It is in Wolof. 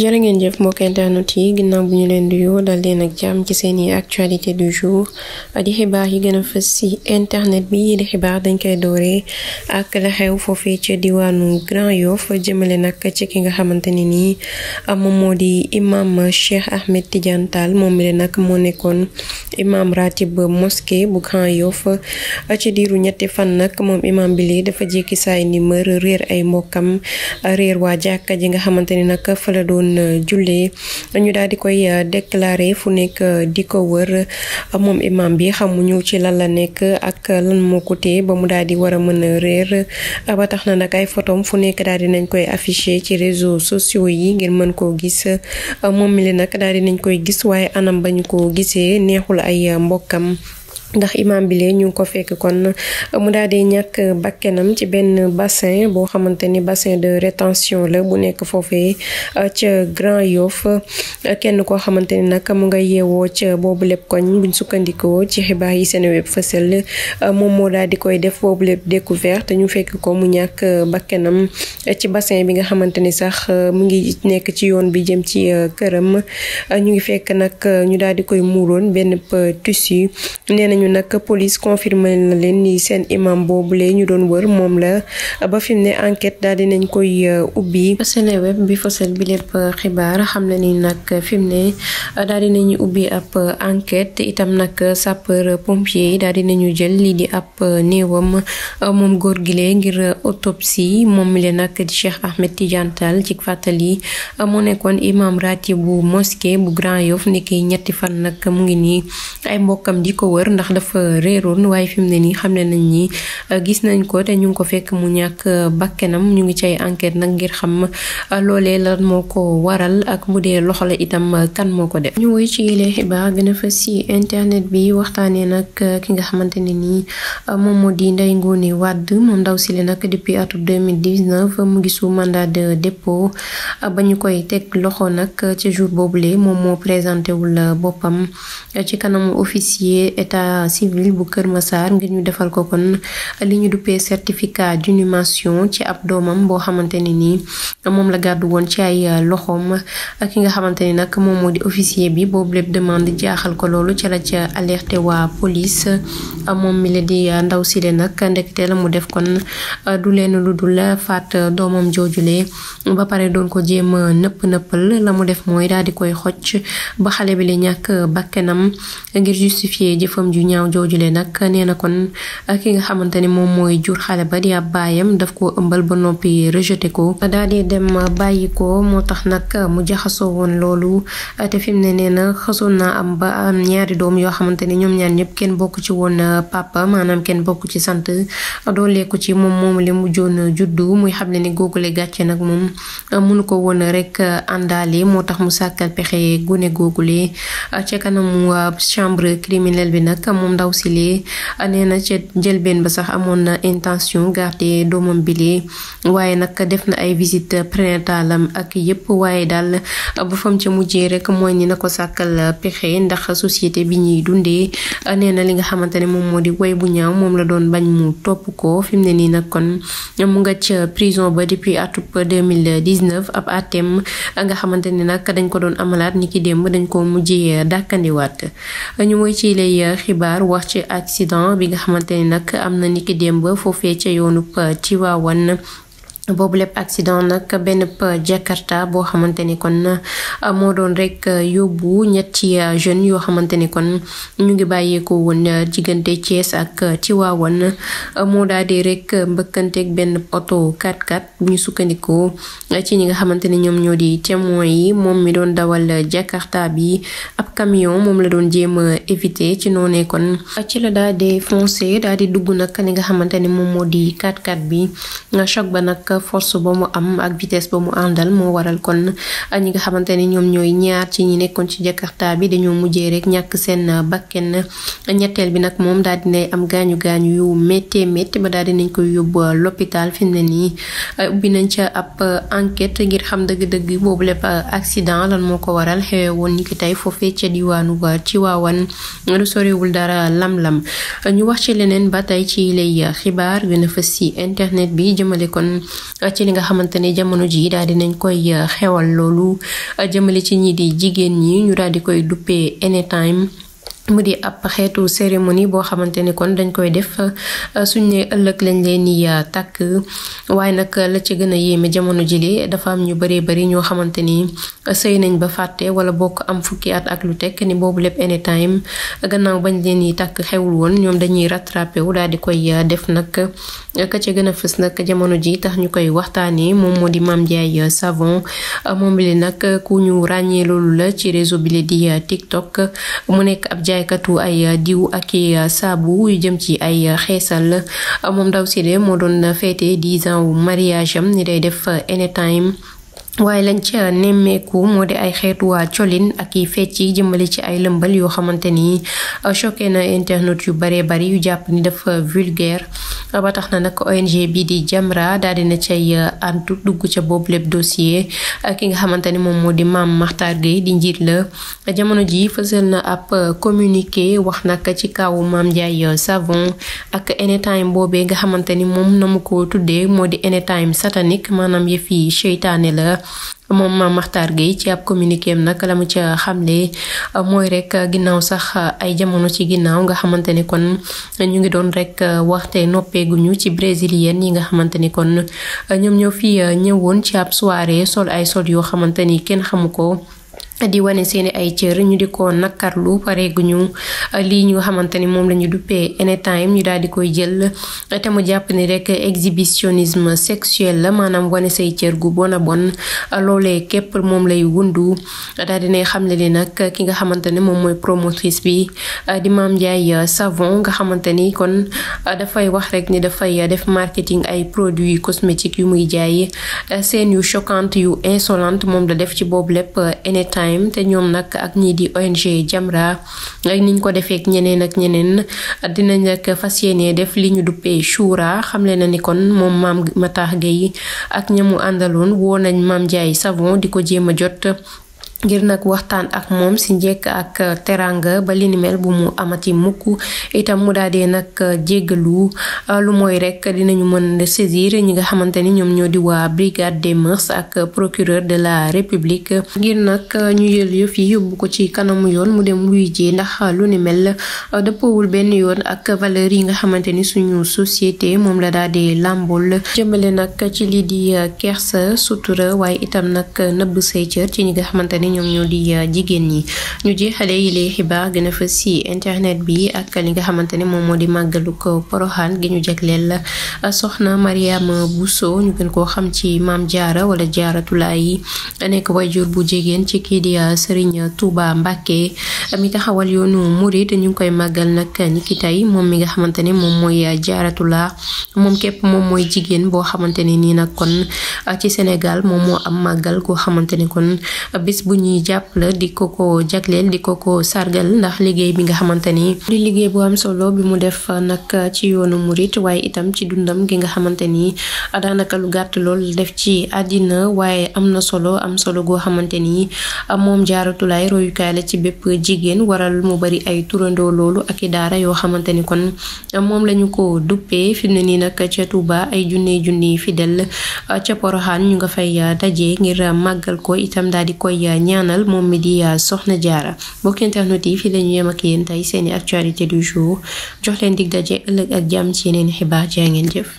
jërë ngeen jëf mbokk internet yi ginnaaw bu ñu leen di yoo dal leen ak jàmm ci seen i actualité du jour di xibaar yi gën a fës si internet bi di xibaar dañ koy dooree ak la xew foofee ca diwaanu Grand Yoff jëmale nag ci ki nga xamante ne nii moom moo di imam Cheikh Ahmed Tidiane moom mi nag moo nekkoon imam ratib mosquée bu Grand Yoff ci diiru ñetti fan nag moom imam bi lee dafa jékki saay ni mër réer ay mbokkam réer waa jàkka ji nga doon euh, jullee ñu daal di koy euh, déclaré fu nekk euh, di ko wër moom imam bi xamuñu ci lan la nekk ak lan moo ko téye ba mu daal di war a mën a réer ba tax na nag ay photom fu nekk daal di nañ koy affiché ci réseaux sociaux yi ngir mën koo gis moom mi li nag daal di nañ koy gis waaye anam bañu ko gisee neexul ay mbokkam ndax imam bi lee ñu ngi ko fekk kon mu daal di ñàkk bakkenam ci benn bassin boo xamante ni bassin de rétention la bu nekk foofee euh, ca Grand Yoff kenn koo xamante ni nag mu nga yeewoo ca boobu lépp koñ buñ sukkandikoo ci xibaar yi seen web fësal euh, moom moo daal di koy def boobu lépp découverte ñu fekk ko mu ñàkk bakkenam ci bassin bi nga xamante ni sax euh, mu ngi nekk ci yoon bi jëm ci këram ñu ngi fekk nag ñu daal di koy muuroon benn tissu nee nañu nag police confirmé na leen ni seen imam boobule ñu doon wër moom la ba fi ne enquête daal di nañ koy euh, ubbi. Seneweb bi fësal bi lépp xibaar xam na ni nag fi mu ne euh, daal di nañu ubbi ab euh, enquête itam nag sapeur pompier yi daal di nañu jël lii di ab néewam moom góor gile ngir autopsie moom mi leen nag di Cheikh Ahmed Tidiane Tall ci fàttali mu nekkoon imam ratib bu mosquée bu Grand Yoff nekk ñetti fan nag mu ngi nii ay mbokkam di ko wër ndax. ndax dafa réeroon waaye fi mu ne nii xam ne nañ ni euh, gis nañ ko te ñu ngi ko fekk mu ñàkk euh, bakkenam ñu ngi cay enquête nag ngir xam euh, loole la moo ko waral ak mu dee loxo la itam kan moo ko def. ñu woy ci yile xibaar gën internet bi waxtaanee nag ki nga xamante ne nii moom moo di ndey Ngone Wade moom ndaw si le nag depuis atum 2019 mu gisu mandat de dépôt ba ñu koy teg loxo nag ci jour boobule moom moo présenté wul boppam ci kanamu officier état. état civil bu Kër Massar ngir ñu defal ko kon li ñu duppee certificat d'inhumation ci ab doomam boo xamante ne nii moom la gàddu woon ci ay loxoom ak ki nga xamante ni nag moom moo di officier bi boobu lépp demande jaaxal ko loolu ca la ca waa police moom mi di ndaw si le nag ndekete la mu def kon du leen lu dul faat doomam joojule ba pare doon ko jéem nëpp nëppal la mu def mooy daal di koy xocc ba xale bi la ñàkk bakkanam ngir justifier jëfam ju ñaaw joojule nag nee na kon ah, ki nga xamante ni moom mooy jur xale ba di ab baayam daf koo ëmbal ba noppi rejeté ko daal di dem bàyyi ko moo tax nag mu jaxasoo woon loolu ah, te fi mu ne nee na xasoon naa am ba am ñaari doom yoo xamante ni ñoom ñaar ñëpp kenn bokk ci woon ah, papa maanaam kenn bokk ci sant dooleeku ci moom moom li mujjoon juddu muy xam ne ni googule gàcce nag moom mënu ko woon rek àndaale moo tax mu sàkkal pexe gune googule ci kanamu chambre criminelle moom ndaw si lee nee na ca jëlbeen ba sax amoon na intention garder doomam bi lee waaye nag def na ay visite prénatale am ak yépp waaye daal ba fam ca mujjee rek mooy ni na ko sàkkal pexe ndax société bi ñuy dundee nee na li nga xamante ne moom moo di woy bu ñaaw moom la doon bañ mu topp ko fi mu ne nii nag kon mu nga ca prison ba depuis atub 2019 ab atem nga xamante ne nag dañ ko doon amalaat ni ki démb dañ ko mujjee dàkkandiwaat xibaar wax ci accident bi nga xamante ni nag am na niki démb foofee ci ca waawan euh, Tiwaawan boobu lépp accident nag benn jakarta boo xamante ni kon euh, moo doon rek euh, yóbbu ñetti euh, jeunes yoo xamante ni kon ñu ngi bàyyeekoo woon jiggante Thiès ak ci waawan moo daal di rek mbëkkanteeg benn oto 4 x bu ñu sukkandikoo ci ñi nga xamante ni ñoom ñoo di témoin yi moom mi doon dawal jakarta bi ab camion moom la doon jéem a éviter ci noonee kon daal di foncé daal di dugg nag li nga xamante ni moom moo di 4 x bi choc ba nag ak force ba mu am ak vitesse ba mu àndal moo waral kon ñi nga xamante ne ñoom ñooy ñaar ci ñu nekkoon ci Jakarta bi dañoo mujjee rek ñàkk seen bakken ñetteel bi nag moom daal dinay am gaañu gaañu yu méttee métti ba daal nañ koy yóbbu l'hôpital fi mu ne nii ubbi nañ ca ab enquête ngir xam dëgg-dëgg boobu lépp accident lan moo ko waral xewee woon ni ki tey foofee ca diwaanu ci waawan lu sorewul dara lam-lam ñu wax ci leneen ba tey ci lay ci li nga xamante ne jamono ji daal dinañ koy eh, xewal loolu eh, jëmale ci ñii di jigéen ñi ñu daal di koy duppe anytime mu di ab xeetu cérémonie boo xamante ni kon dañ koy def euh, suñ ne ëllëg lañ leen di euh, takk waaye nag la ci gën a yéeme jamono jile dafa am ñu bëree bëri ñoo xamante ni euh, sëy nañ ba fàtte wala bokk am fukki at ak lu tekk ni boobu lépp anytime gannaaw bañ leen yi takk xewul woon ñoom dañuy rattrapé wu daal di koy def nag ka ca gën a fës nag jamono ji tax ñu koy waxtaanee moom moo di Mame Ndiaye Savon moom li ku ñu ràññee loolu la ci réseau bi di TikTok katu ay uh, diw ak i uh, saabu jëm ci ay uh, xeesal moom Ndaw Sidé moo doon féete dix ans wu mariage am ni day def anytime waaye lañ ca nemmeeku moo di ay xeetuwaa colin ak i fecc yi jëmale ci ay lëmbal yoo xamante ni euh, choqué na internet yu baree bari yu jàpp ni dafa vulgaire ba tax na nag ONG bii di Jamra daal dina cay euh, antu dugg ca boobu lépp dossier euh, ki nga xamante ni moom moo di maam Makhtar Gueye di njiit la jamono ji fësal na ab communiqué wax nag ci kawu maam Ndiaye Savon ak anytime boobee nga xamante ni moom na mu ko tuddee moo di anytime satanique maanaam yëf yi seytaane la moom Mame Makhtar Gueye ci ab communiqué am lamu la mu ca xamle mooy rek ginnaaw sax ay jamono ci ginnaaw nga xamante ni kon ñu ngi doon rek waxte noppeeguñu ci brésilienne yi nga xamante ni kon ñoom ñoo fii ñëwoon ci ab soirée sol ay sol yoo xamante ni kenn xamu ko. di wane seeni ay cër ñu di ko nakarlu pareeguñu eh, lii ñu xamante ni moom la ñu duppee anytime ñu daal di koy jël eh, mu jàpp ni rek exhibitionnisme sexuel la maanaam wane say cër gu bon a bon eh, képp moom lay wundu daal dinay xamle ni nag ki nga xamante ni moom mooy promotrice bi di Mame Ndiaye Savon nga xamante ni kon dafay wax rek ni dafay def marketing ay produits cosmétiques yu muy jaay seen yu choquante yu insolente moom la def ci boobu lépp anytime Time te ñoom nag ak ñii di ONG Jamra ak niñ ko defeek ñeneen ak ñeneen dinañ nag fas yéene def li ñu duppee Shura xamle na ni kon moom maam Mame Matar Gueye ak ñamu àndaloon woo nañ Mame Ndiaye Savon di ko jéem a jot ngir nag waxtaan ak moom si njëkk ak euh, teranga ba li ni mel bu mu amati mukk itam mu daal di nag euh, jéggalu euh, lu mooy rek dinañu mën saisir ñi nga xamante ni ñoom ñoo di waa brigade des mœurs ak procureur de la république ngir nag ñu yël yëf yi yóbbu ko ci kanamu yoon mu dem luy ji ndax lu ni mel dëppoowul benn yoon ak valeur yi nga xamante ni suñu société moom la daal di làmbul jëmale nag ci lii di kersa sutura waaye itam nag nëbb say cër ci ñi nga xamante ni ñoom ñoo di euh, jigéen ñi ñu jeexale yi lay xibaar gën a fës ci internet bi ak li nga xamante ne moom moo di màggalu ko poroxaan gi ñu jagleel euh, soxna Mariama Bousso ñu gën koo xam ci maam jaara wala jaaratulaay yi nekk wayjur bu jigéen ci kii di euh, Serigne Touba Mbacke mi taxawal yoonu murid ñu ngi koy màggal nag ni ki tey moom mi nga xamante ne moom mooy jaaratulaa moom képp moom mooy jigéen boo xamante ne nii nag kon ci Sénégal moom moo am màggal goo xamante kon bis bu ñuy jàppale di ko ko jagleel di ko ko sargal ndax liggéey bi nga xamante ni di liggéey boo am solo bi mu def nag ci yoonu murit itam ci dundam gi nga xamante ni daanaka lu gàtt lool def ci àddina waaye am na solo am solo goo xamante ni moom jaaratulaay royukaay la ci bépp jigéen waral mu bari ay turandoo loolu ak i daara yoo xamante ni kon moom lañu ko duppee fi mu ne nii nag ca Touba ay junni junni fidèle ca Poroxaan ñu nga fay dajee ngir màggal ko itam daal di koy ñaanal moom mi di euh, soxna jaara mbokk internet yi fii la ñu yem ak yéen tey seeni actualité du jour jox leen dig daje ëllëg ak jam ci yeneen xibaar jaa ngeen jëf.